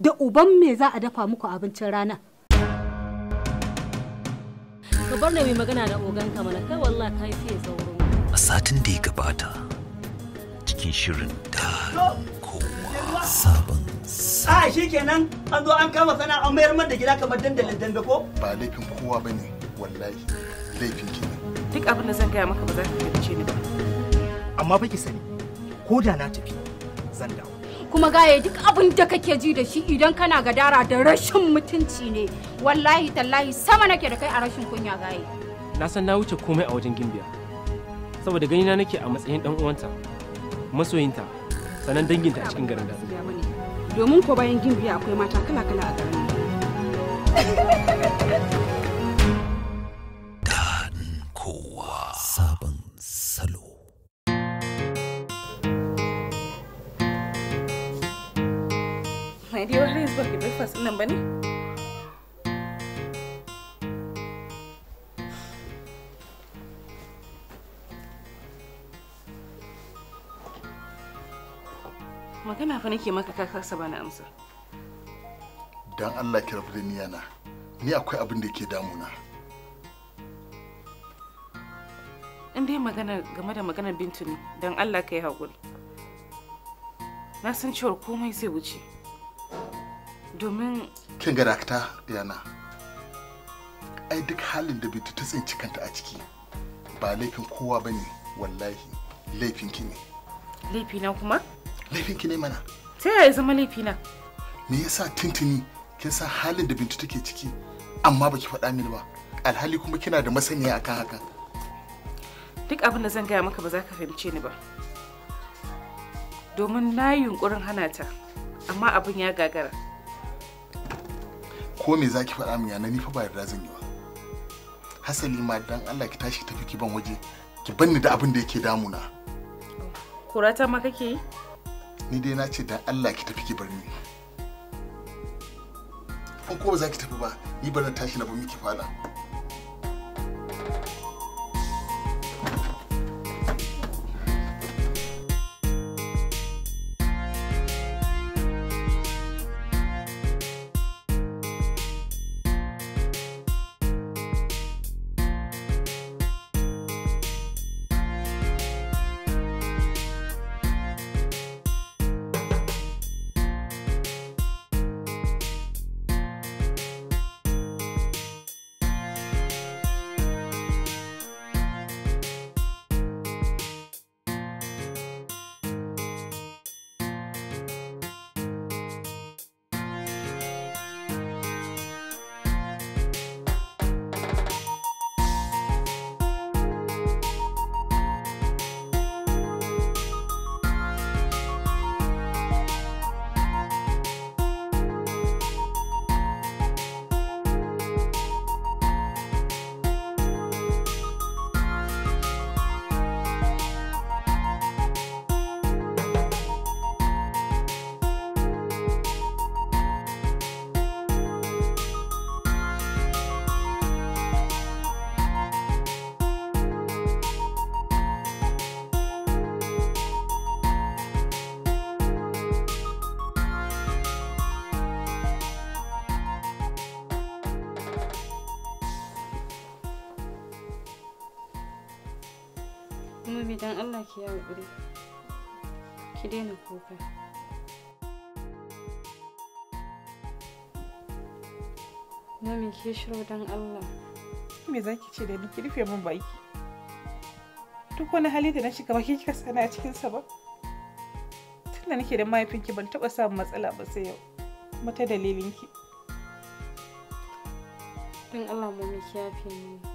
da uban me za a dafa muku abincin rana ka bar na mai magana da ogan ka mana kai ka yi fiye sauro a satin da ya gabata cikin shirin da kowa sabon a ah, shi kenan an zo an kama sana an mayar man da gida kamar dandalin dambe ko ba laifin kowa bane wallahi laifin ki duk abin da zan gaya maka ba za ka yarda ni ba amma fa ki sani ko da na tafi zan dawo kuma gaye duk abin da kake ji da shi idan kana gadara da rashin mutunci ne wallahi tallahi sama nake da kai a rashin kunya gaye na san na wuce komai a wajen gimbiya saboda ganina nake a matsayin dan uwanta masoyinta sanan danginta a cikin garin da domin ko bayan gimbiya akwai mata kala kala a garin my dear har yanzu baki breakfast nan bane magana fa nake maka ka kasa bani amsa dan Allah ki rabu da ni yana ni akwai abin da yake damuna in dai magana game da maganar bintu ne dan Allah ka yi haƙuri na san cewar komai zai wuce domin kin ga dakta yana ai duk halin da bitu ta tsinci kanta a ciki ba laifin kowa bane wallahi laifin ki ne laifi na kuma laifin ki ne mana ta yaya zama laifi na me yasa tintini kin san halin da bintu take ciki amma baki faɗa mini ba alhali kuma kina da masaniya akan haka duk abin da zan gaya maka ba za ka fahimce ni ba domin na yi yunkurin hana ta amma abin ya gagara ko me zaki faɗa min yana ni fa ba yarda zan yi ba hasali ma dan Allah ki tashi tafi ki ban waje ki banni da abin da yake damuna kurata ma kake yi ni dai na ce dan Allah ki tafi ki bar ni ko ba za ki tafi ba ni ba na tashi na ba miki fada Ummi dan Allah ki yi haƙuri. Ki daina kuka. Mami ki shiro dan Allah. Me za ki ce da ni ki rufe min baki? Duk wani hali da na shiga baki kika sana a cikinsa ba? Tunda nake da mahaifinki ban taɓa samun matsala ba sai yau. Mata dalilinki. Don Allah mu ki yafe ni.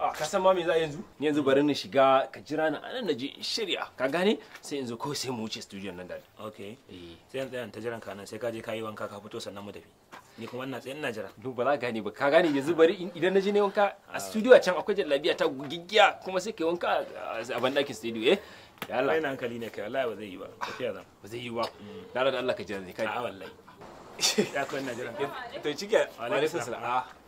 a ka san ma me za yanzu ni yanzu bari na shiga ka jira ni anan na in shirya ka gane sai yanzu ko sai mu wuce studio nan da okay eh. sai yanzu yan ta jiran ka nan sai ka je ka yi wanka ka fito sannan mu tafi ni kuma ina tsaye ina jira duk ba za ka gane ba ka gane yanzu bari idan na ne wanka a ah. studio a can akwai jallabiya ta giggiya kuma sai kai wanka a bandakin studio eh ya Allah ina hankali ne kai wallahi ba zai yi ba tafiya zan ba zai yi ba mm. da Allah ka jira ne kai a ah, wallahi ya ko ina jira to cike alaikum salam ah.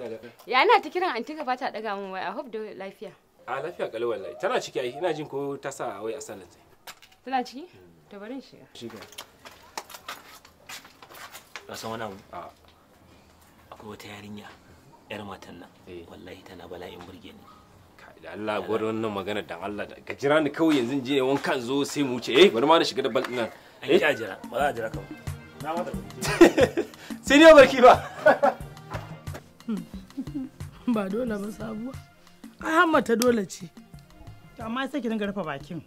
Eh, ya ina ta kiran anti ka ta daga mun wai. I hope da lafiya. A ah, lafiya kalau wallahi. Tana ciki ai. Ina jin ko ta sa wai a sallar sai. Tana ciki? To bari in shiga. Shiga. Ba san wani abu? A. Akwai wata yarinya. Yar matan nan. Eh. Wallahi tana bala'in burge ni. da Allah gwada wannan magana dan Allah da ka jira ni kawai yanzu je wankan zo sai mu wuce eh bari ma na shiga da bal nan eh a jira ba za a jira ka ba. sai dai barki ba hmm. ba dole ba sabuwa ai hamma ta dole ce to amma sai ki dinga rufe bakin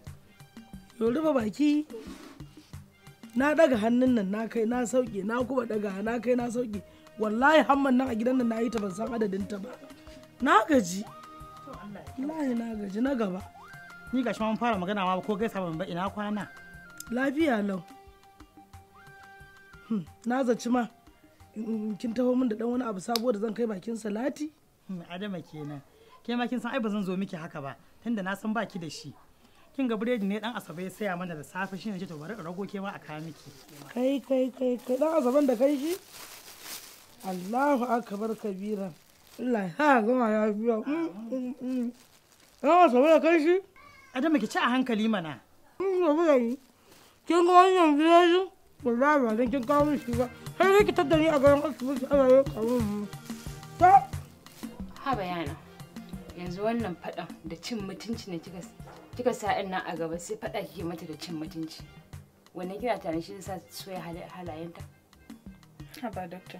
yo rufe baki na daga hannun nan na kai na sauke na kuma daga na kai na sauke wallahi hamman nan a gidan nan na yi ta ban san adadin ta ba na gaji wallahi na gaji na gaba ni gashi mun fara magana ma ko gaisa ban ba ina kwana lafiya lau Hmm, na zaci ma kin taho min da dan wani abu sabo da zan kai bakin salati hmm, adama kenan ke ma kin san ai ba zan zo miki haka ba tunda na san baki da shi kin ga biredi ne dan asabe ya saya mana da safe shine ce to bari in rago ke ma a kawo miki kai kai kai kai dan asaban da kai shi Allahu akbar kabira Allah ya gama ya biya dan asabe da kai shi adama ki ci a hankali mana hmm, kin ga wannan biredi wallahi ba zan kin kawo shi ba sai dai ki tattare a garin asibiti ana yau kawo mu ta ha bayana yanzu wannan fadan da cin mutunci ne kika kika sa nan a gaba sai fada kike mata da cin mutunci wannan kina tare shi sa soya halayenta ha ba doctor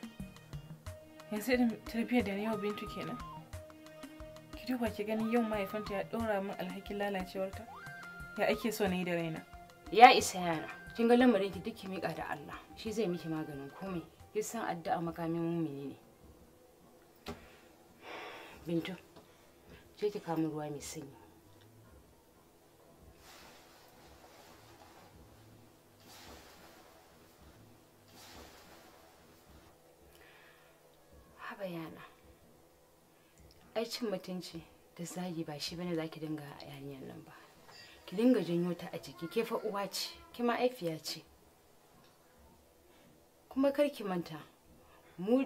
yanzu da yau bintu kenan ki duba ki gani yau mahaifinta ya ɗora min alhakin lalacewarta ya ake so na yi da raina ya isa yana kin ga lamarin ki duk ki mika da Allah shi zai miki maganin komai kin san addu'a makamin mumini ne bintu je ki kamo ruwa mai sanyi haba yana ai cin mutunci da zagi ba shi bane zaki dinga yarinyar nan ba ki dinga janyo ta a jiki ke fa uwa ce ki ma'aifiya ce kuma kar ki manta mu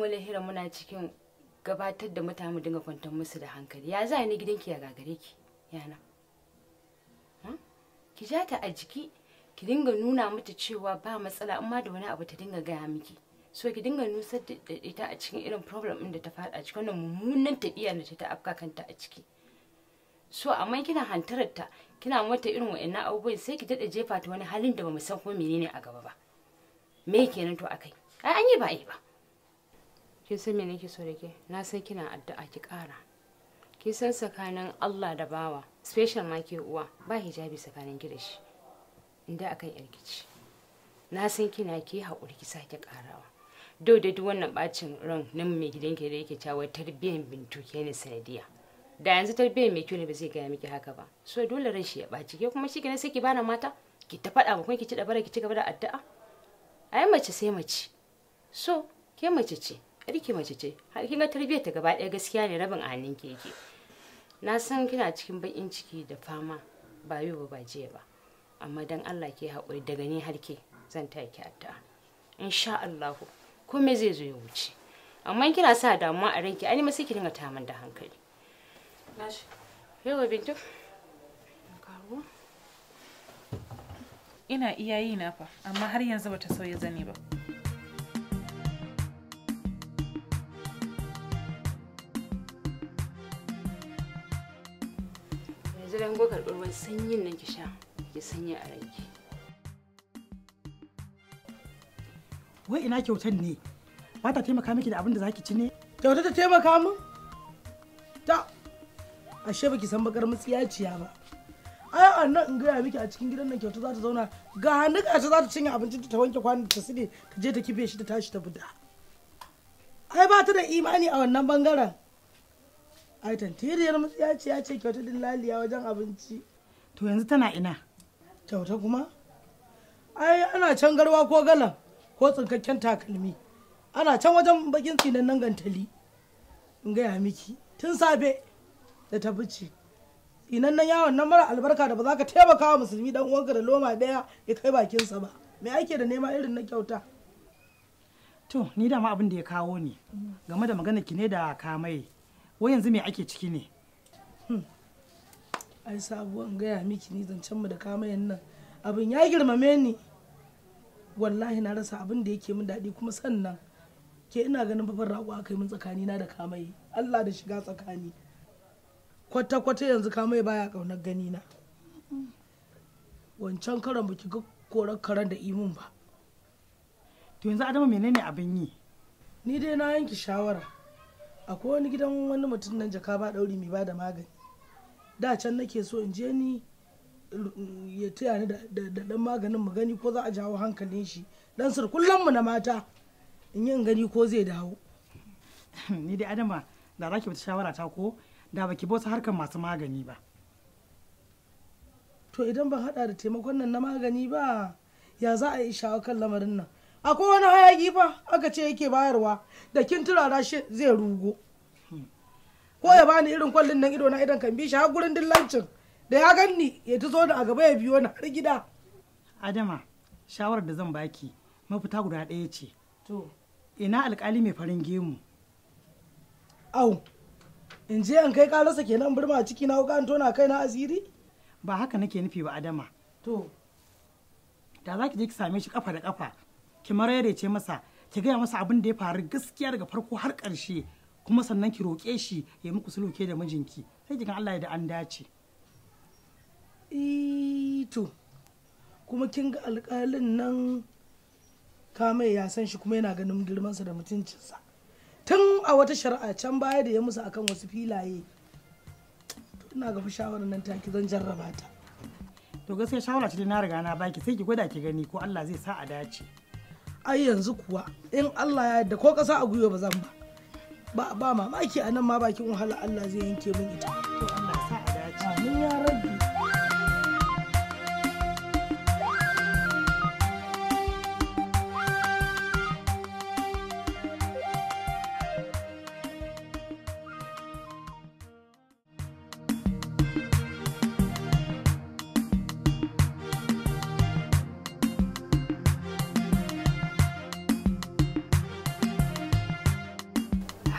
wani hira muna cikin gabatar da mutane mu dinga kwantar musu da hankali ya za ni gidanki ya gagare ki yana hmm? ki ja ta a jiki ki dinga nuna mata cewa ba matsala amma da wani abu ta dinga gaya miki so ki dinga nusar da ita a cikin irin problem ɗin da ta faɗa a cikin wannan mummunan tabiya da ta afka kanta a ciki so amma kina hantarar ta kina mata irin wa'annan abubuwan sai ki dade jefa ta wani halin da bamu san ko menene a gaba ba me nan to akai ai an yi ba ai ba kin san me nake so da ke na san kina addu'a ki ƙara kin san tsakanin Allah da bawa special ma ke uwa ba hijabi tsakanin ki da shi inda akan yarkici na san kina ke haƙuri ki sake ƙarawa dau da duk wannan bacin ran nan mai gidanki da yake cewa tarbiyyar bintu ke ne sanadiyya da yanzu tarbiyyar mai kyau ne ba zai gaya miki haka ba so dole ran shi ya ɓaci ke kuma shi sai ki bana mata ki ta faɗa ba ki ci da bara ki ci gaba da addu'a ai mace sai mace so ke mace ce yarki mace ce har kin ga tarbiyyar ta gaba ɗaya gaskiya ne rabin anin ke ke na san kina cikin bakin ciki da fama ba yau ba jiya ba amma dan Allah ke haƙuri daga ni har ke zan ta ki addu'a insha Allah komai zai zo ya wuce amma kina sa damuwa a ranki ai ma sai ki dinga tamin da hankali Ina iya yi na fa, amma har yanzu bata sauya zane ba. Yanzu dan go karɓar ruwan sanyin nan ki sha, ki sanya a ranki. Wai ina kyautar ne? Ba ta taimaka miki da abin da zaki ci ne? kyauta ta taimaka min? Ta ashe baki san bakar mutsiyaciya ba ai annan in gaya miki a cikin gidan nan kyautu za ta zauna ga hannu ga ta za ta cinye abincin ta wanke kwanan ta sile ta je ta kife shi ta tashi ta buda. ai ba ta da imani a wannan bangaren ai tantiriyar mutsiyaciya ce kyautu din laliya wajen abinci to yanzu tana ina kyauta kuma ai ana can garwa ko galan ko tsinkakken takalmi ana can wajen bakin tsinan nan gantali in gaya miki tun safe da ta fice inan nan yawon nan mara albarka da ba za ka taimaka wa musulmi dan uwanka da loma daya ya kai bakinsa ba me ake da nema irin na kyauta to ni ma abin da ya kawo ni game da magana ki ne da kamai wai yanzu me ake ciki ne hmm. ai sabuwan gaya miki ni zancen mu da kamayan nan abin ya girmame ni wallahi na rasa abin da yake min daɗi kuma sannan ke ina ganin babban rago aka yi min tsakanina da kamai allah da shiga tsakani kwata-kwata yanzu ka mai baya kaunar gani na wancan karan biki ga korar karen da imun ba to yanzu adamu menene abin yi ni dai na yanki shawara akwai wani gidan wani mutum nan jaka ba ɗauri mai ba da magani da can nake so in je ni ya taya ni da ɗan maganin mu gani ko za a jawo hankalin shi dan sir mu na mata in yi gani ko zai dawo ni dai adama da za ki shawara ta ko da baki bosa wasu masu magani ba to idan ban hada da taimakon nan na magani ba ya za a yi shawo kan lamarin nan akwai wani hayaki fa aka ce yake bayarwa da kin turara shi zai rugo ko ya bani irin kwallin nan ido na idan kan bi shi har gurin dillancin da ya ganni ya ta zo da a gaba ya biyo ni har gida adama shawarar da zan baki mafita guda ɗaya ce to ina alkali mai farin gemu au in je an kai rasa kenan birma a ciki na wuka an tona kai na asiri ba haka nake nufi ba adama to da za ki je ki same shi kafa da kafa ki mararece masa ki gaya masa abin da ya faru gaskiya daga farko har karshe kuma sannan ki roƙe shi ya muku suluke da mijinki sai kigan Allah ya da an dace to kuma kin ga alƙalin nan kamai ya san shi kuma yana ganin girmansa da mutuncinsa tun a wata shari'a can baya da ya musu akan wasu filaye ina ga shawarar nan ki zan jarraba ta to gaskiya shawara ce na riga na baki sai ki gwada ki gani ko Allah zai sa a dace ai yanzu kuwa in Allah ya yarda ko kasa a guyo ba zan ba ba mamaki a nan ma bakin wahala Allah zai yanke min ita to Allah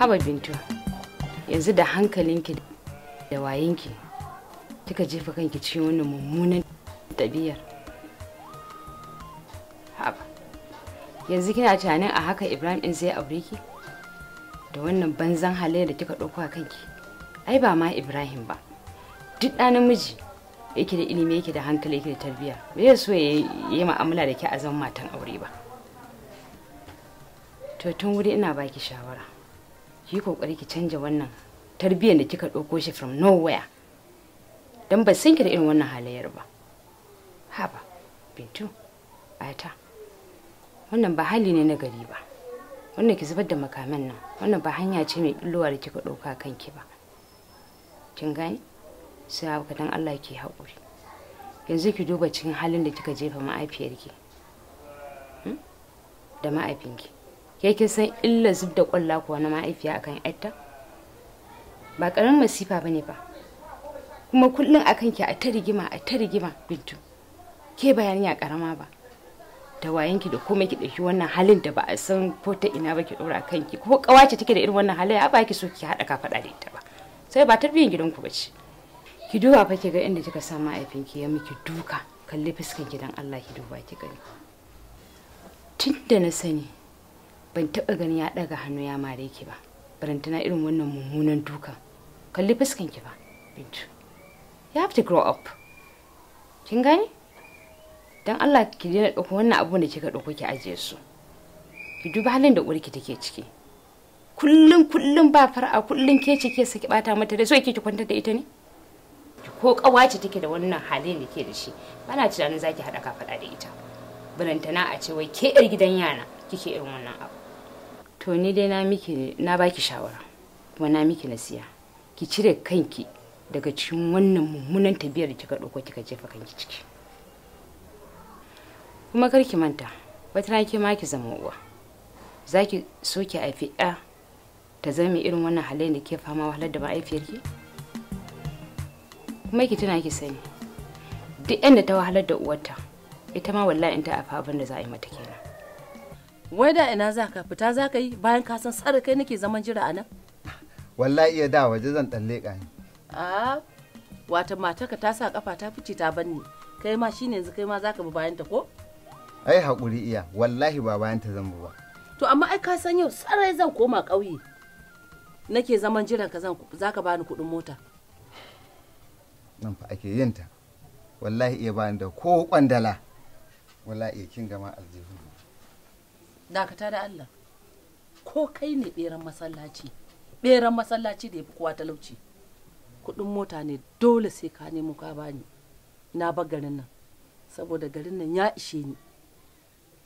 haba bintu yanzu da hankalinki da wayenki kika jefa kanki cikin wannan mummunan ɗabi'ar haba yanzu kina tunanin a haka ibrahim din zai aure ki da wannan banzan halayyar da kika ɗauko a kanki ai ba ma ibrahim ba duk ɗa namiji yake da ilimi yake da hankali yake da tarbiyya bai so ya yi ma'amala da ke a zama matan aure ba to tun wuri ina baki shawara ki kokari ki canja wannan tarbiyyar da kika ɗauko shi from nowhere don ban san ki da irin wannan halayyar ba haba bintu ata wannan ba hali ne na gari ba wannan ki zubar da makaman nan wannan ba hanya ce mai billowa da kika ɗauka kanki ba kin gani sai haka dan Allah ki haƙuri yanzu ki duba cikin halin da kika jefa ma'aifiyarki hmm? da ma'aifinki ke san illa zub da kwalla kuwa na ma'aifiya akan yatta ba karamin masifa bane ba kuma kullum akan ki a ta rigima a ta rigima bintu ke bayani a karama ba da wayanki da komai ki dauki wannan halin da ba a san ko ta ina ba ki dora kanki ko kawace take da irin wannan halin a ba ki so ki hada ka fada da ita ba sai ba tarbiyyar gidanku ba ce ki duba fa ki ga inda kika sa ma'aifinki ya miki duka kalli fuskan gidan Allah ki duba ki gani tun na sani ban taɓa ganin ya ɗaga hannu ya mare ki ba barantana irin wannan mummunan dukan kalli fuskan ki ba bintu you have to grow up kin gani dan Allah ki daina ɗauko wannan abun da kika ɗauko ki ajiye su ki duba halin da uwarki take ciki kullum kullum ba fara kullum ke ce ke saki bata mata da so yake ki kwantar da ita ne ko kawace take da wannan halin da ke da shi bana tunanin zaki hada ka fada da ita Barantana a ce wai ke yar gidan yana kike irin wannan abu to ni dai na miki na baki shawara kuma na miki nasiya ki cire kanki daga cikin wannan mummunan tabiyar da kika dauko kika jefa kanki ciki kuma kar ki manta wata rana ke ma ki zama uwa za so ki haifi ɗa ta zama irin wannan halayen da ke fama wahalar da ma'aifiyarki kuma ki tuna ki sani duk yanda ta wahalar da uwarta ita ma wallahi in ta afa abin da za a yi mata kenan wai da ina za ka fita za ka yi bayan ka san tsara kai nake zaman jira a nan wallahi iya da waje zan dan leƙa ni a wata ka ta sa kafa ta fice ta banni kai ma shine yanzu kai ma za ka bi bayan ta ko ai hakuri iya wallahi ba bayan ta zan bi ba to amma ai ka san yau sarai zan koma ƙauye nake zaman jiran ka za ka bani kuɗin mota nan fa ake yin ta wallahi iya bani da ko kwandala wallahi iya kin gama aljihu dakata da Allah ko kai ne beran masallaci beran masallaci da ya fi kowa talauci kudin mota ne dole sai ka nemo ka bani na ba garin nan saboda garin nan ya ishe ni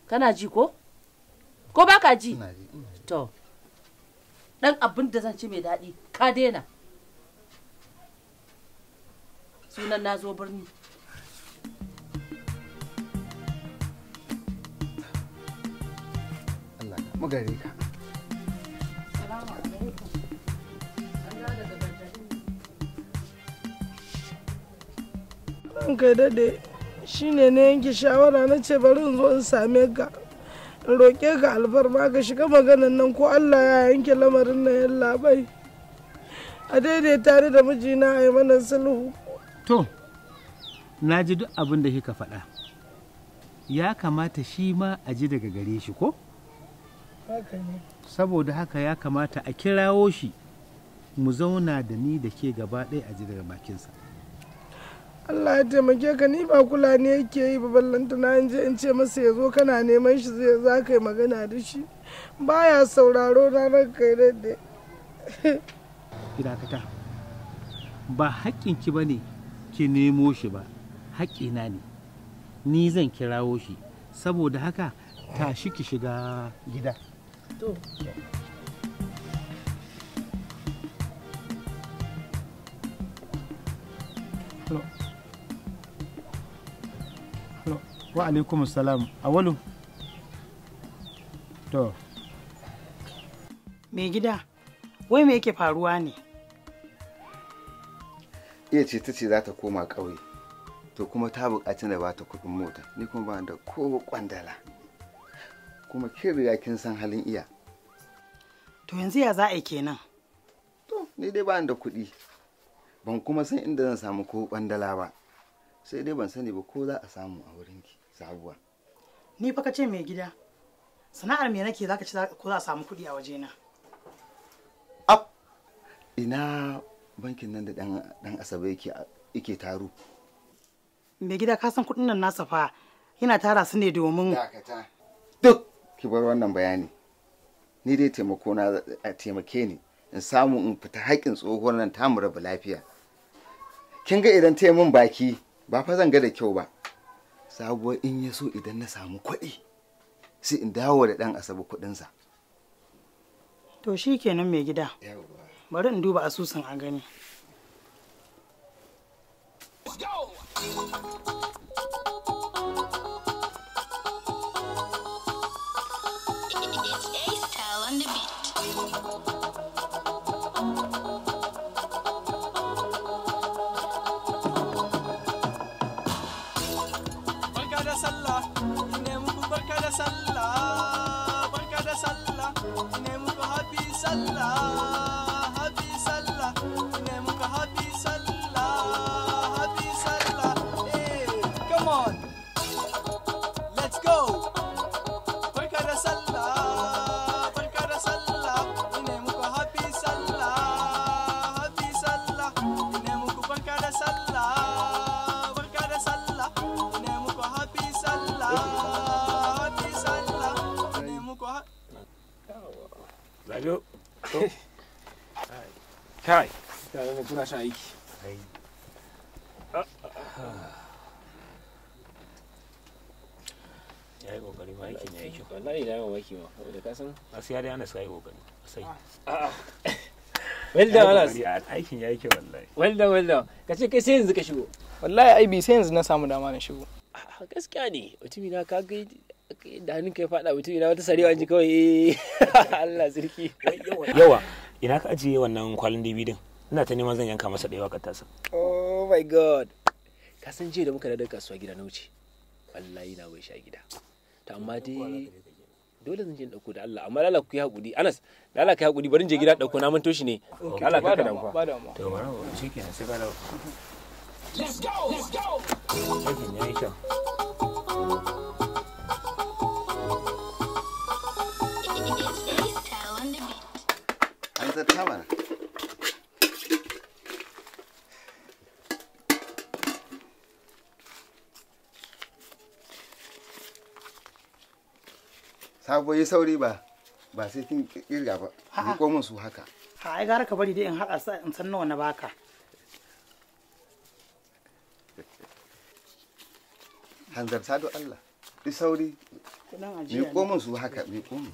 kana ji ko ko ba ka ji to dan abin da zan ci mai daɗi ka daina sunan nazo birni kuma gare ka ranka shi ne na yanke shawara na ce bari in zo in same ka in roƙe ka alfarma ka shiga maganan nan ko allah ya yanke lamarin na yan labai a daidai tare da mijina a yi mana sulhu to na ji duk abin da kika faɗa ya kamata shi ma a ji daga gare shi ko saboda haka ya kamata a kirawo shi mu zauna da ni da ke gaba ɗaya a ji bakinsa Allah ya taimake ka ni ba kula ne yake yi ba ballanta na je in ce masa ya zo kana neman shi zai za ka yi magana da shi baya sauraro na ran kai da dakata ba haƙƙinki ba ne ki nemo shi ba na ne ni zan kirawo shi saboda haka tashi ki shiga gida to wa alaikum salam awalu to me gida wai me yake faruwa ne iya ce ta ce za ta koma ƙauye to kuma ta buƙaci na ba ta kuɗin mota ni kuma ba da ko kwandala kuma ke riga kin san halin iya to yanzu ya za a yi kenan to ni dai ba da kuɗi ban kuma san inda zan samu ko bandala ba sai dai ban sani ba ko za a samu a wurin ki sabuwa ni fa ka ce mai gida sana'ar me nake zaka ci ko za a samu kuɗi a wajena ab ina bankin nan da dan asabe yake yake taro mai gida ka san kuɗin nan nasa fa yana tara su ne domin dakata duk ki bar wannan bayani ni dai taimako na a taimake ni in samu in fita haƙƙin tsohuwar nan tamu rabu lafiya kin ga idan ta min baki ba fa zan ga da kyau ba sabuwar in ya so idan na samu kuɗi sai in dawo da ɗan asabi kuɗinsa to shi kenan mai gida bari in duba asusun a gani Let's go! Rabiu. Kai. Ya yi kokari ma aikin ya yi Wallahi aiki ma. Wanda ka san? sa kokari. Sai. Aikin ya wallahi. Ka ce kai sai yanzu ka shigo. Wallahi ai bi sai yanzu na samu dama na shigo. Gaskiya ne. Mutumi na ka da hannun ka ya faɗa mutum ina wata sarewa ji kawai eh, Allah sarki yawa ina ka ajiye wannan kwalin DVD din ina ta neman zan yanka masa ɗaya wakar tasa oh my god ka san jiya da muka da kasuwa gida na wuce wallahi na wai sha gida to amma dai dole zan je dauko da Allah amma lala ku yi hakuri Anas lala ka hakuri barin je gida dauko na mantoshi ne ka to sai ka dawo let's go let's go an zarta mana sabo yi sauri ba ba sai kin kirga ba riko min su haka ha ai gara ka bari dai in haɗa sa in san nawa na baka hanzarta do Allah Ni sauri mi komin su haka mi komin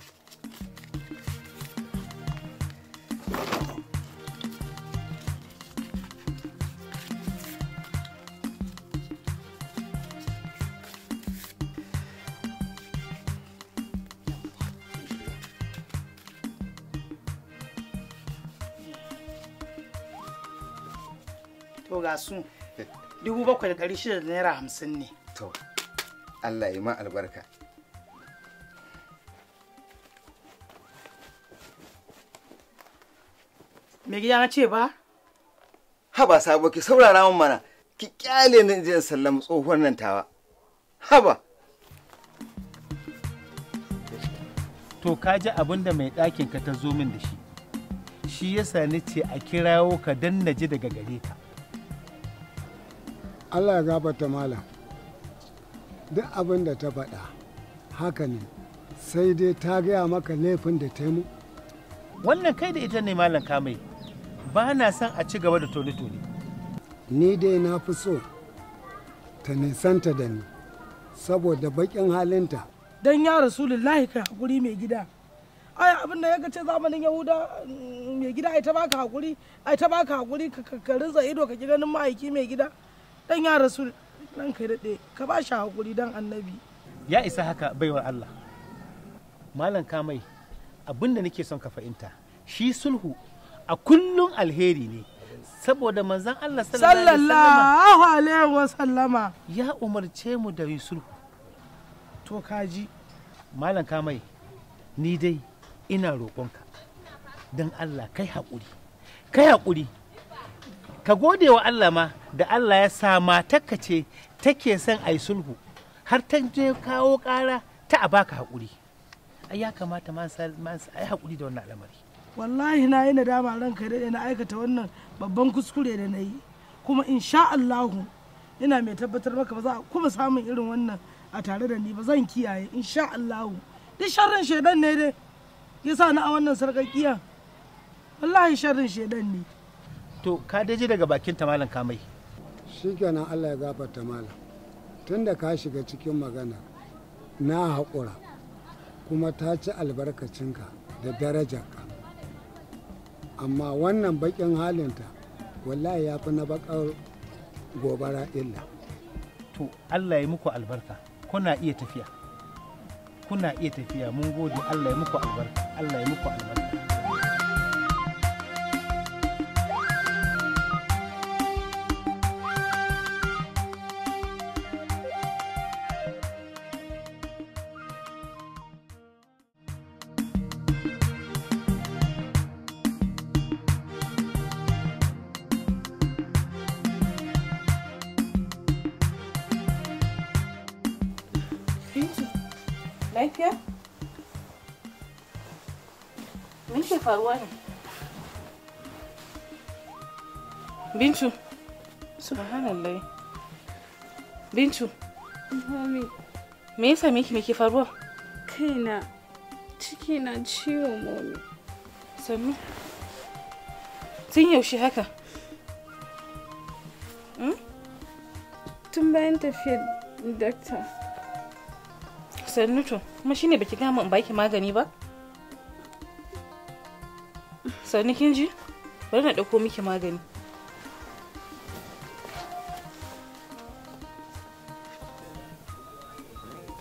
to ga su dubu bakwai da ɗari shida da naira hamsin ne to allah ya ma albarka me gida na ce ba haba sabo ki saurara min mana ki kyale ni jin sallama tsohuwar nan tawa haba to ka ji abin da mai ɗakin ka ta zo min da shi shi yasa ni ce a kirawo ka dan na ji daga gare ka allah ya gabata malam duk abin da ta faɗa haka ne sai dai ta gaya maka laifin da ta mu wannan kai da ita ne malam kamai ba na son a ci gaba da toni-toni. ni dai na fi so ta nisanta da ni saboda baƙin halinta don ya rasulullahi ka haƙuri mai gida ai abin da ya ce zamanin yahuda mm, mai gida ai ta baka haƙuri ai ta baka ka rinza ido ka ki ganin ma'aiki mai gida dan ya rasu nan kai daɗe ka ba shi hakuri dan annabi ya isa haka baiwa Allah malam kamai abin da nake son ka fahimta shi sulhu a kullum alheri ne saboda manzon Allah sallallahu alaihi wasallama ya umarce mu da sulhu to kaji malam kamai ni dai ina roƙonka dan Allah kai haƙuri kai hakuri. ka gode wa Allah ma da Allah ya sa matakka ce take son a yi sulhu har ta je kawo kara ta a baka haƙuri ai ya kamata man ai haƙuri da wannan al'amari wallahi na yi nadama ranka daɗe na aikata wannan babban kuskure da na yi kuma insha Allah ina mai tabbatar maka ba za a kuma samun irin wannan a tare da ni ba zan kiyaye insha Allah duk sharrin shaidan ne dai yasa na a wannan sarkakiya? wallahi sharrin shaidan ne to ka daji daga bakin tamalan malam kamai shikenan Allah ya gafarta malam da ka shiga cikin magana na haƙura kuma ta ci albarkacinka da darajarka amma wannan bakin halinta wallahi ya fi na bakar gobara illa to Allah ya muku albarka kuna iya tafiya kuna iya tafiya mun gode Allah ya muku albarka Allah ya muku albarka Lafiya? Me ke faruwa ne? Bintu. Subhanallah. Bintu. Mami. Me yasa miki miki faruwa? Kaina. Ciki na ciwo mami. Sannu. Tun yaushe haka? Hmm? Tun bayan tafiyar dakta. Newton, kuma shine baki gama in baki magani ba sannu kin ji bari na ɗauko miki magani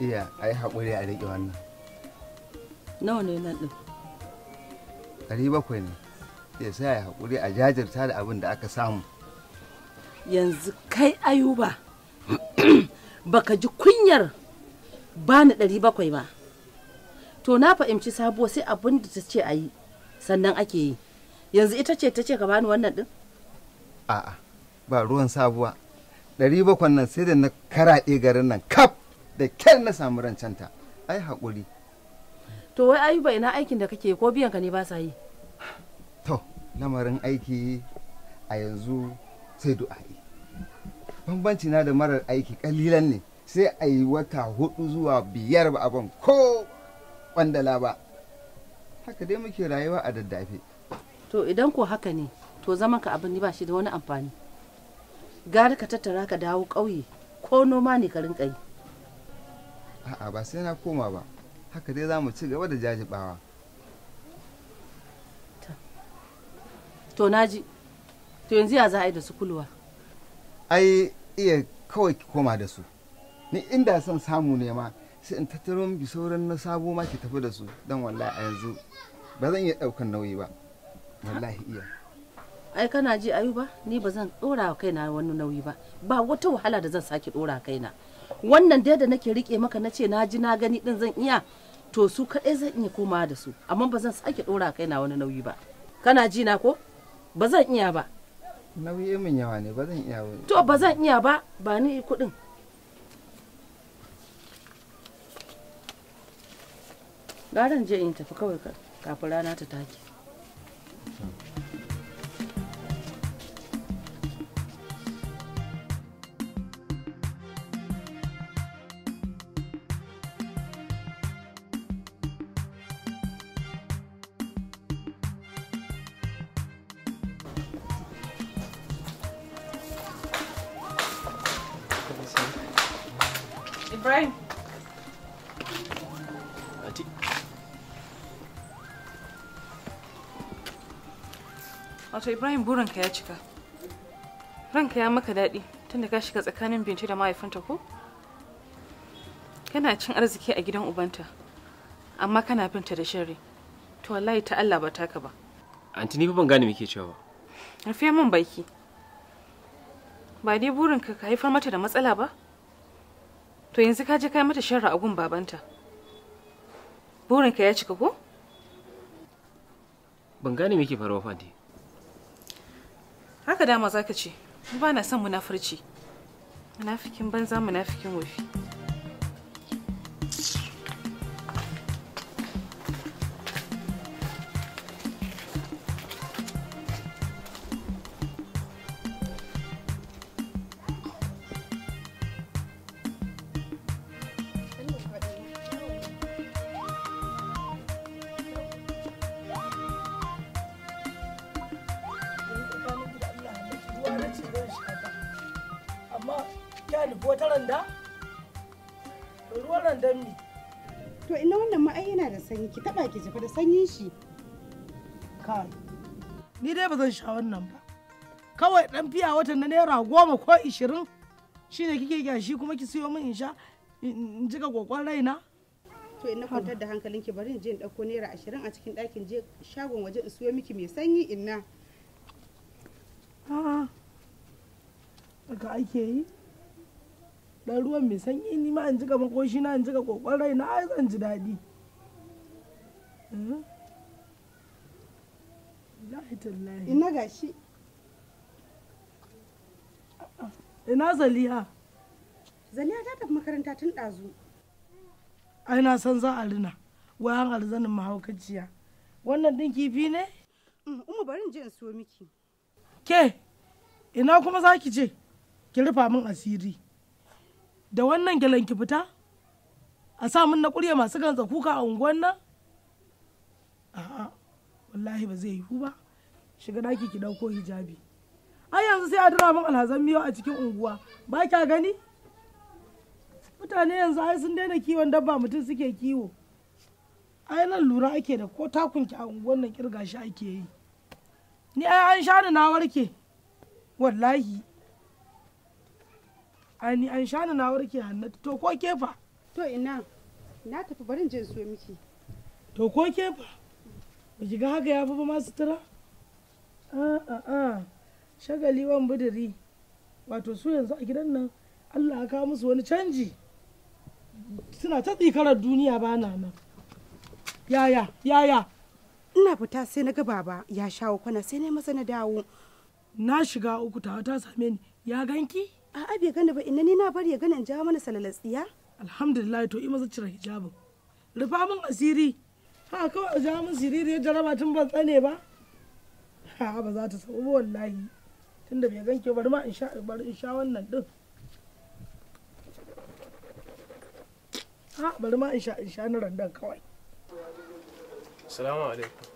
iya ai haƙuri a riƙe wannan nawa ne nan ɗin ɗari bakwai ne ya sai ya haƙuri a jajirta da abin da aka samu yanzu kai ayuba baka ji kunyar ba ni ɗari bakwai ba to na fahimci sabuwa sai abin da ta ce a yi sannan ake yi yanzu ita ce ta ce ka bani wannan ɗin a'a ba ruwan sabuwa ɗari bakwai nan sai da na karaɗe garin nan kaf da kyar na samu rancanta ai haƙuri to wai ayuba ina aikin da kake ko biyan ka ne ba sa yi to lamarin aiki a yanzu sai du'a'i bambanci na da marar aiki kalilan ne sai a yi wata hudu zuwa biyar ba abin ko kwandala ba haka dai muke rayuwa a daddafe to idan ko haka ne to zaman ka abin ba shi da wani amfani gari ka tattara ka dawo ƙauye ko noma ne ka rinka yi a'a ba sai na koma ba haka dai za mu ci gaba da jajibawa to naji to yanzu ya za a yi da su kulwa ai iya kawai ki koma da su ni inda son samu ne ma sai in tattaro miki sauran na sabo ma ke tafi da su dan wallahi a yanzu ba zan iya daukan nauyi ba wallahi iya ai kana ji ayuba ni ba zan dora wa kaina wani nauyi ba ba wata wahala da zan sake dora kaina wannan dai da nake rike maka na ce na ji na gani din zan iya to su kadai zan iya koma da su amma ba zan sake dora kaina wani nauyi ba kana ji na ko ba zan iya ba nauyi min yawa ne ba zan iya ba to ba zan iya ba ba ni kuɗin garan je in tafi kawai kafin rana ta take Ibrahim. Wato Ibrahim burinka ya cika. Ranka ya maka daɗi tunda ka shiga tsakanin bince da mahaifinta ko? Kana cin arziki a gidan ubanta, amma kana binta da shirri. To wallahi ta Allah ba taka ba. Anti ni fa ban gane me ke cewa ba. Rufe min baki. Ba dai burinka ka haifar mata da matsala ba? To yanzu ka je kai mata sharri a gun babanta. Burinka ya cika ko? Ban gane me ke faruwa fa haka dama zaka ce ba na son munafurci munafikin banza munafikin wafi ya nufi wata randa ruwan randan mi to ina wannan ma yana da sanyi ki taba ki jifa da sanyin shi Ka. ni dai ba zan sha wannan ba kawai dan fiya watan na naira goma ko ishirin shine kike gyashi kuma ki siyo min in sha in jika kokon raina to ina kwantar da hankalinki ki bari in je in dauko naira ashirin a cikin ɗakin je shagon waje in siyo miki mai sanyi inna ga ake yi dan ruwan mai sanyi ni ma in jika makoshi na in jika kokon rai na ai zan ji daɗi eh? ina gashi ina zaliha zaliha ta tafi makaranta tun ɗazu ai na san za a rina an arzanin mahaukaciya wannan din kifi ne mm, umu barin je in siyo miki ke ina kuma za ki je ki rufa min asiri da wannan gyalen ki fita a sa na kurya masu gansa kuka a unguwan nan a'a wallahi ba zai yiwu ba shiga daki ki dauko hijabi ai yanzu sai a dira min alhazan miyo a cikin unguwa ba kya gani mutane yanzu ai sun daina kiwon dabba mutum suke kiwo ai nan lura ake da ko takunki a unguwan nan kirga shi ake yi ni ai an sha na warke wallahi ani an shana na warke hannatu to ko kefa to ina na tafi barin jin so miki to ko kefa ba ki ga haka ya fi ba masu tura a a a shagali wan buduri wato su yanzu a gidan nan Allah ya kawo musu wani canji suna ta tsikarar duniya ba na nan yaya yaya ina fita sai na ga baba ya shawo kwana sai na masa na dawo na shiga uku ta same ni ya ganki a'a bai gani ba ina ni na bari ya gani in jawo mana salalar tsiya alhamdulillah to ima cire hijabin rufa min asiri ha kawai a jawo min da ya jaraba tun ban tsane ba ha ba za ta samu ba wallahi tunda bai ganke bari ma in sha bari in sha wannan din ha bari ma in sha in sha ni randan kawai assalamu alaikum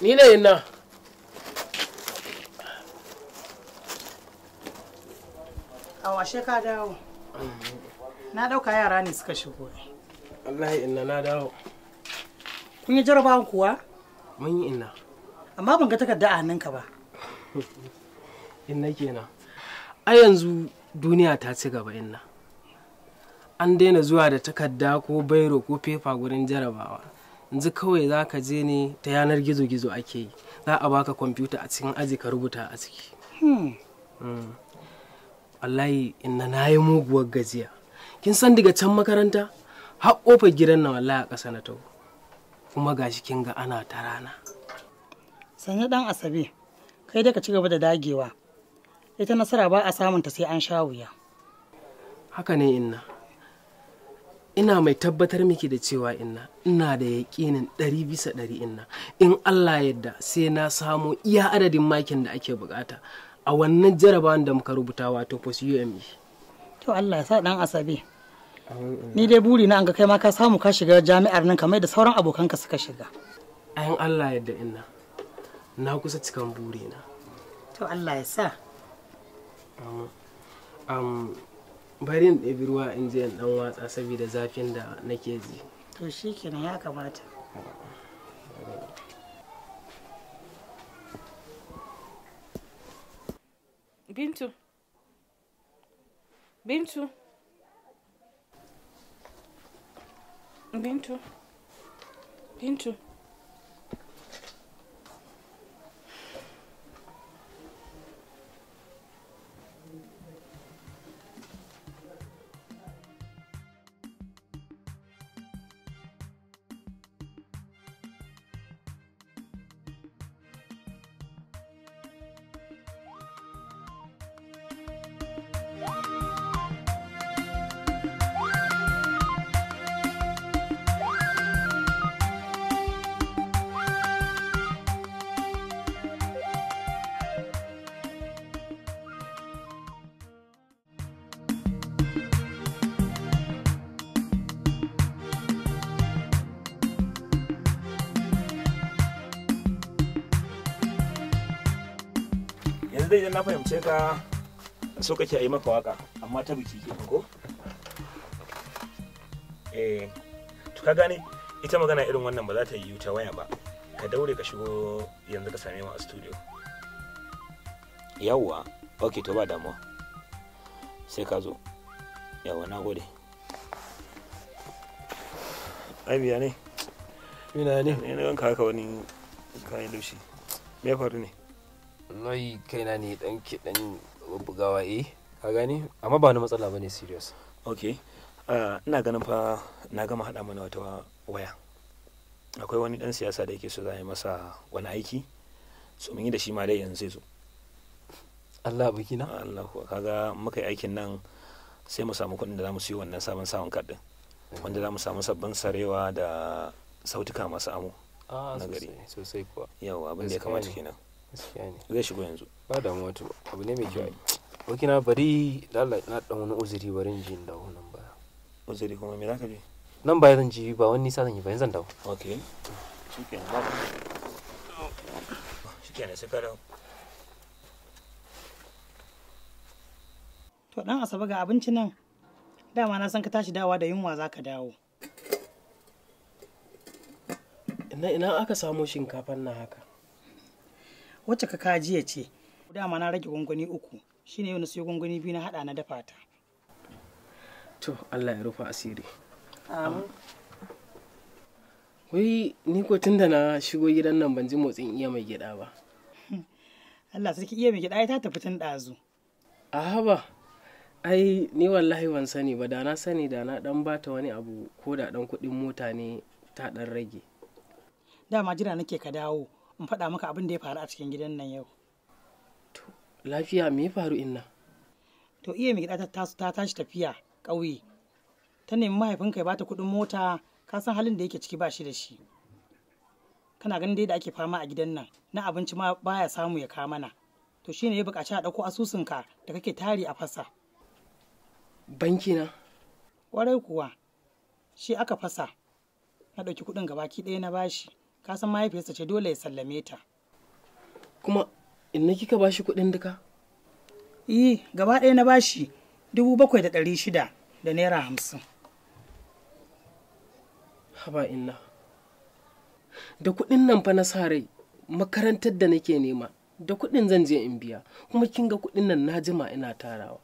ni ne na a washe ka dawo na dauka yara ne suka shigo wallahi inna na dawo kun yi jarabawan kuwa mun yi inna amma ban ga takarda a hannunka ba inna kenan a yanzu duniya ta ci gaba inna an daina zuwa da takarda ko bairo ko fefa gurin jarabawa yanzu kawai za ka je ne ta yanar gizo-gizo ake yi za a baka kwamfuta a cikin aji ka rubuta a ciki hmm. Hmm. wallahi inna na yi muguwar gajiya kin san daga can makaranta har kofar gidan na wallahi a ƙasa na tau kuma gashi kin ga ana ta rana sanya dan asabe kai dai ka ci gaba da dagewa ita nasara ba a samunta sai an sha wuya haka ne inna ina mai tabbatar miki da cewa inna ina da yaƙinin ɗari bisa ɗari inna in Allah yadda sai na samu iya adadin makin da ake bukata a wannan jarabawan da muka rubuta wato post UME. To Allah ya sa ɗan asabe. Ni dai buri na an ga kai ma ka samu ka shiga jami'ar nan kamar da sauran abokanka suka shiga. Ayin Allah yadda inna na kusa cikan buri na. To Allah ya sa. Um, bari in ɗabi ruwa in je in ɗan watsa saboda zafin da nake ji to shi kenan ya kamata bintu bintu bintu bintu yanzu dai idan na fahimce ka so kake a yi maka waka amma ta biki ke ko eh to ka gane ita magana irin wannan ba za ta yi ta waya ba ka daure ka shigo yanzu ka same mu a studio yawwa ok to ba damuwa sai ka zo yawwa na gode ai biya ne ina ne ne ka ganka haka wani kayan laushi me faru ne kai kaina ne dan ke dan bugawa eh ka gani amma ba wani matsala bane serious okay ah, ina ganin fa na gama hada mana wata waya akwai wani dan siyasa da yake so za masa wani aiki so mun yi da shi ma dai yanzu zai zo Allah biki na ah, Allah kaga muka yi aikin nan sai mu samu kuɗin da za mu siyo wannan sabon sawan kaɗin eh. wanda za mu samu sabbin sarewa da sautuka masu amo ah, na gari sosai kuwa yawa abin da ya kamata kenan zai shigo yanzu ba damuwa wato abu ne mai kyau ok na bari lalai na dan wani uzuri bari in ji dawo nan ba uzuri kuma me zaka je nan ba zan ji ba wani nisa zan yi ba zan dawo ok shikenan ba shikenan sai ka to dan asabe ga abinci nan dama na san ka tashi dawa da yunwa zaka dawo ina ina aka samo shinkafan na haka wacce ka kajiya ce dama na rage gwangwani uku shine yau na siyo gwangwani biyu na hada na dafa ta to Allah ya rufa asiri wai ni ko tun da na shigo gidan nan ban ji motsin iya mai gida ba Allah sarki iya mai gida ta tafi tun ɗazu a haba ai ni wallahi ban sani ba da na sani da na dan bata wani abu ko da dan kuɗin mota ne ta dan rage dama jira nake ka dawo in faɗa maka abin da ya faru a cikin gidan nan yau to lafiya me ya faru inna to iya mai gida ta tashi tafiya ƙauye ta nemi mahaifinka ya bata kuɗin mota ka san halin da yake ciki ba shi da shi kana ganin dai da ake fama a gidan nan na abinci ma baya samu ya kama mana. to shi ne ya buƙaci a ɗauko asusunka da kake tari a fasa banki na ƙwarai kuwa shi aka fasa na ɗauki kuɗin gabaki ɗaya na bashi ka san mahaifiyarsa ce dole ya sallame ta kuma inna kika bashi kuɗin duka yi gaba ɗaya na bashi dubu bakwai da ɗari shida da naira hamsin haba inna da kuɗin nan fa na sa rai makarantar da nake nema da kuɗin zan je in biya kuma kin ga kuɗin nan na jima ina tarawa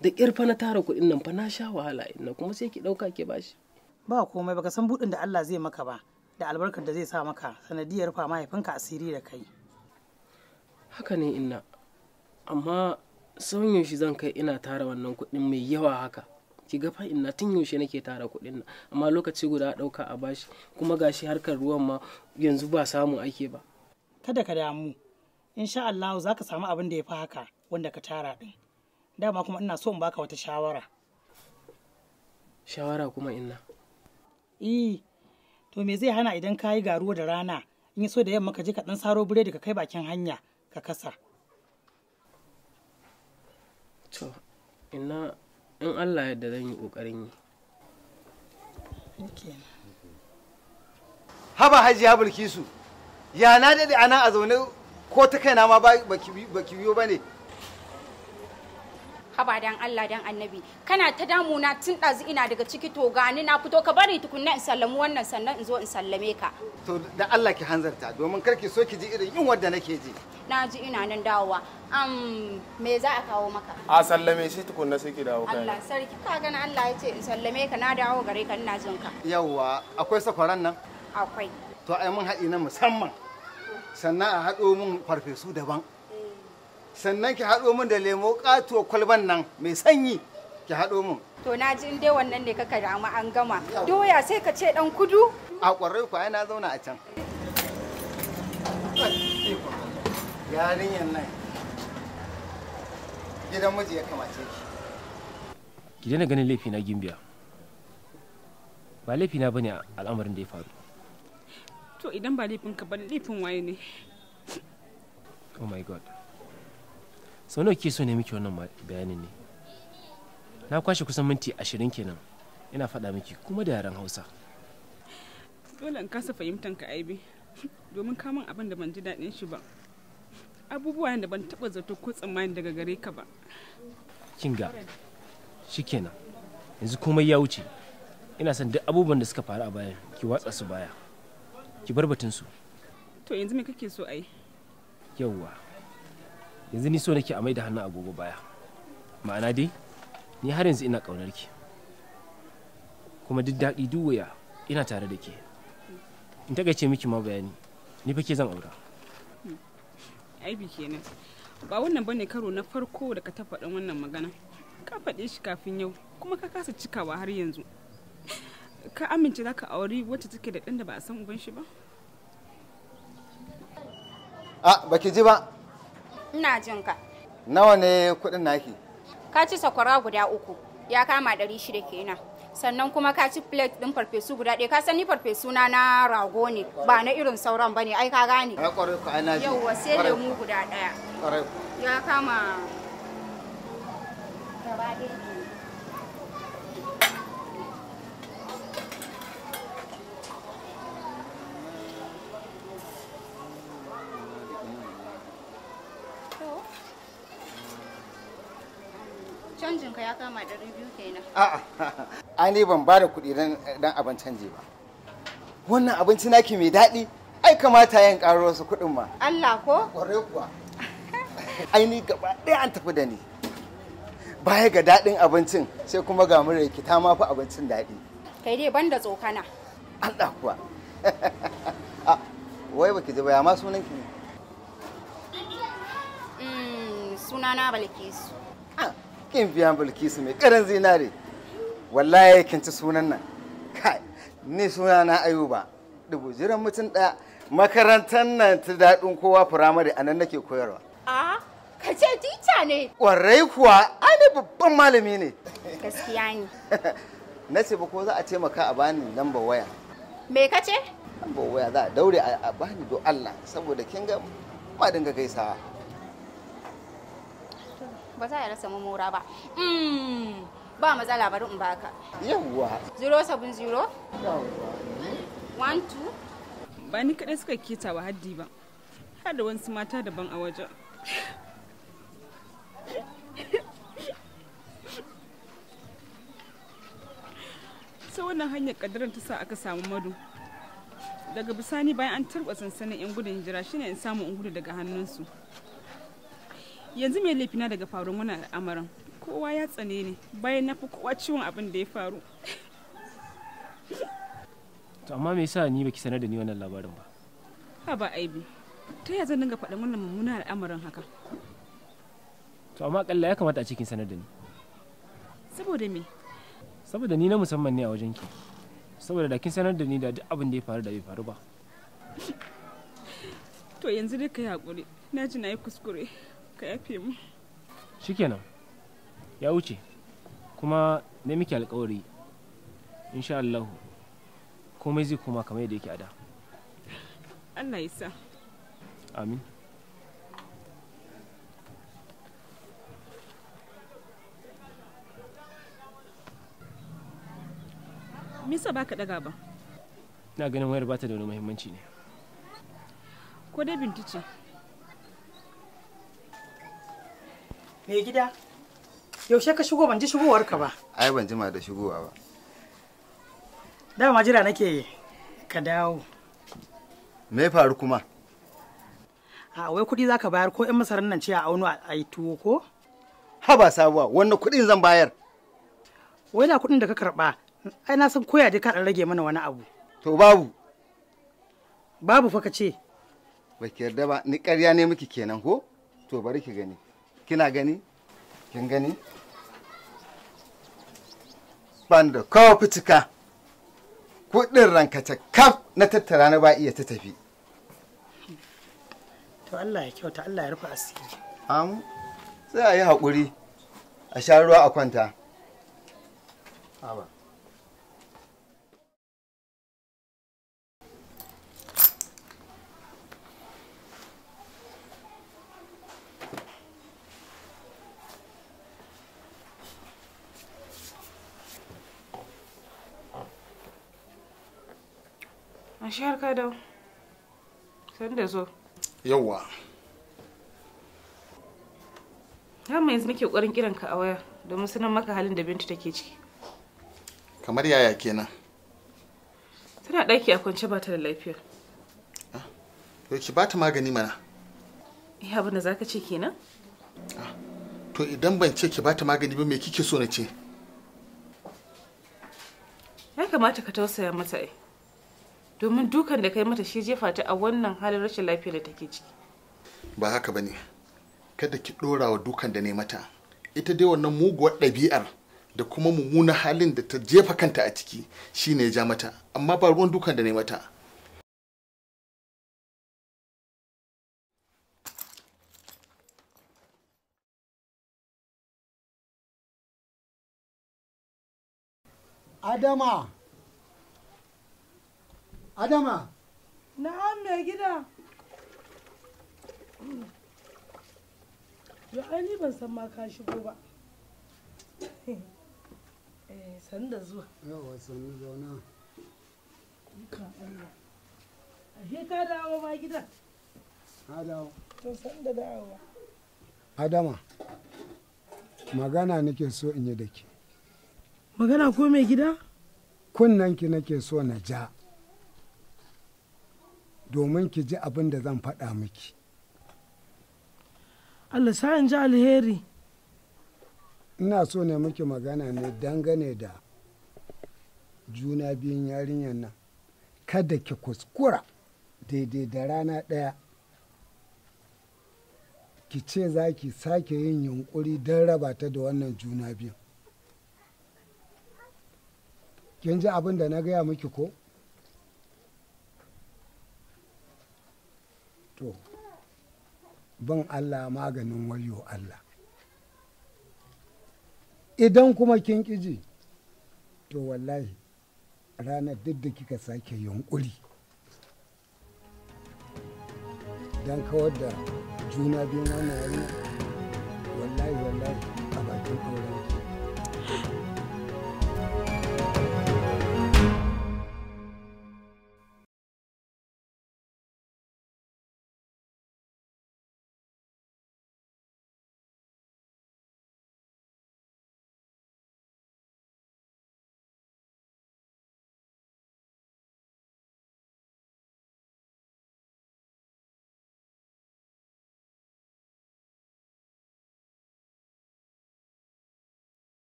da ƙyar fa na tara kuɗin nan fa na sha wahala inna kuma sai ki ɗauka ki bashi ba komai baka san buɗin da Allah zai maka ba da albarkar da zai sa maka sanadiyar fa mahaifinka asiri da kai haka ne inna amma sauyin yaushe zan kai ina tara wannan kuɗin mai yawa haka ki ga fa inna tun yaushe nake tara kuɗin nan amma lokaci guda ɗauka a bashi kuma gashi harkar ruwan ma yanzu ba samu ake ba kada ka damu insha Allah za ka samu abin da ya fi haka wanda ka tara ɗin dama kuma ina so in baka wata shawara shawara kuma inna eh to me zai hana idan ka yi garuwa da rana in so da yamma ka je ka dan saro biredi ka kai bakin hanya ka kasa to ina in allah yadda zan yi ƙoƙarin yi haba haji ya bulkisu ya na dade ana a zaune ko ta kaina ma ba ki biyo ba ne haba dan Allah dan annabi kana ta damuna tun ɗazu ina daga ciki to gani na fito ka bari tukunna in sallamu wannan sannan in zo in sallame ka to da Allah ki hanzarta domin kar ki so ki ji irin yin wanda nake ji na ji ina nan dawowa am me za a kawo maka a sallame shi tukunna sai ki dawo Allah sarki ka gani Allah ya ce in sallame ka na dawo gare ka ina jin ka yawwa akwai sakwaran nan akwai to ai mun haɗi na musamman sannan a haɗo mun farfesu daban sannan ki haɗo min da lemo ƙatuwa kwalban nan mai sanyi ki haɗo min to na ji dai wannan ne kaka damu an gama doya sai ka ce dan kudu a ƙwarai ku ai na zauna a can yarinyan nan gidan miji ya kamace shi. ki daina ganin laifi na gimbiya ba laifi na bane al'amarin da ya faru to idan ba laifin ka ba laifin waye ne oh my god sau nawa ke so ne miki wannan bayanin ne na kwashe kusan minti ashirin kenan ina fada miki kuma da yaren hausa dole in kasa fahimtar ka aibi domin kamun abin da ban ji daɗin shi ba abubuwa da ban taɓa zato ko tsammani daga gare ka ba kinga shikenan yanzu komai ya wuce ina son duk abubuwan da suka faru a baya ki watsa su baya ki bar batun su to yanzu me kake so ai yawwa yanzu ni so nake a maida hannu agogo baya ma'ana dai ni har yanzu ina kaunar ki kuma duk daɗi duk wuya ina tare da ke in takaice miki ma bayani ni fa ke zan aura aibi kenan ba wannan bane karo na farko da ka tafaɗin wannan magana ka faɗe shi kafin yau kuma ka kasa cikawa har yanzu ka amince za ka auri wacce take da ɗan da ba a san uban shi ba a ah, baki ji ba Ina jin ka. Nawa ne kuɗin naki? Ka ci sakwara guda uku, ya kama ɗari shida kenan. Sannan kuma ka ci plate ɗin farfesu guda ɗaya, ka sani farfesu na na rago ne, ba na irin sauran ba ne, ai ka gane. Na ƙwarai ku ana ji. Yauwa sai lemu guda ɗaya. ku. Ya kama gaba ɗaya. ka ya kama ɗari biyu kenan. A'a, ai ban ban bada kuɗi don abin canji ba. Wannan abinci naki mai daɗi, ai kamata yin ƙaro wasu kuɗin ma. Allah ko? Ƙware kuwa. Ai ni gaba ɗaya an tafi da ni. Baya ga daɗin abincin sai kuma ga mu ki ta ma fi abincin daɗi. Kai dai ban da tsokana. Allah kuwa. Wai baki ji ba ya ma sunan ki ne. Mm, sunana Balkisu. kin biyan bilkisu mai karin zinare wallahi kin ci sunan nan kai ni suna na ayuba dubu jiran mutum ɗaya makarantar nan ta daɗin kowa firamare a nan nake koyarwa a ka ce tica ne ƙwarai kuwa ani babban malami ne gaskiya ne na ce ba ko za a taimaka a bani lambar waya me ka ce lambar waya za a daure a bani do Allah saboda kin ga ma dinga gaisawa ba za a rasa mura ba hmm, ba matsala bari in baka yawwa 070 yawwa 12 ba ni kadai suka keta wa haddi ba har da wasu mata daban a wajen ta wannan hanyar kadiran ta sa aka samu madu daga bisani bayan an tarba sansanin 'yan gudun hijira shine in samu in gudu daga hannunsu yanzu mai laifina daga faruwar wani al'amarin kowa ya tsane ne bayan na fi kowa ciwon abin da ya faru to amma me yasa ni baki sanar da ni wannan labarin ba ha ba aibi ta yaya zan dinga faɗin wannan mummunan al'amarin haka to amma kalla ya kamata a cikin sanar da ni saboda me saboda ni na musamman ne a wajen ki saboda da kin sanar da ni da duk abin da ya faru da bai faru ba to yanzu duka ya hakuri na ji na yi kuskure ka yafe mu shikenan ya wuce kuma ne miki alkawari insha Allah komai zai koma kamar yadda yake a da Allah ya sa amin misa ba ka daga ba na ganin wayar ba ta da wani muhimmanci ne ko dai bintu ce Me gida? Yaushe ka shigo ban ji shigowarka ba. Ai ban jima da shigowa ba. Dama jira nake ka dawo. Me faru kuma? A wai kuɗi za ka bayar ko 'yan masarar nan ce a aunu a yi tuwo ko? Haba sabuwa, wannan kuɗin zan bayar. Wai na kuɗin da ka karɓa, ai na san koya dai ka dan rage mana wani abu. To babu. Babu fa ka ce. Ba ki yarda ba, ni karya ne miki kenan ko? To bari ki gani. kina gani kin gani Banda da kawo fitika kudin ta kaf na tattara na ba iya ta tafi to Allah ya kyauta Allah ya rufe asiri am sai a yi haƙuri a sha ruwa a kwanta Haba. a shayar ka dau san da zo yawwa dama yanzu nake ƙoƙarin kiran ka a waya domin sanar maka halin da bintu take ciki kamar yaya kenan tana ɗaki a kwance ba ta da lafiya ah, to ki ba ta magani mana eh abin da zaka ce kenan ah, to idan ban ce ki ba ta magani ba me kike so na ce ya kamata ka tausaya mata ai eh. domin dukan da kai mata shi jefa ta a wannan halin rashin lafiya da take ciki ba haka ba ne kada ki ɗora wa dukan da ne mata ita dai wannan muguwar ɗabi'ar da kuma mummunan halin da ta jefa kanta a ciki shi ne ja mata amma ba ruwan dukan da ne mata Adama Adama. Na'am mai gida. Yo ai ban san ma ka shigo ba. Eh san da zuwa. Yawa san zauna. Ka Allah. Ashe ka dawo ma gida. Na dawo. To san da dawo. Adama. Magana nake so in yi da ke. Magana ko mai gida? Kunnanki nake so na ja. domin ki ji abin da zan faɗa miki Allah sa'in ji alheri ina so ne miki magana ne dangane da juna biyun yarinyar nan kada ki kuskura daidai da rana ɗaya ki ce za ki sake yin yunkuri don raba ta da wannan juna biyun. kin ji abin da na gaya miki ko to bin allah maganin wayo allah idan kuma kin ƙiji to wallahi ranar duk da kika sake yunƙuri don kawar da juna biyun wannan wallahi wallahi a bakin auren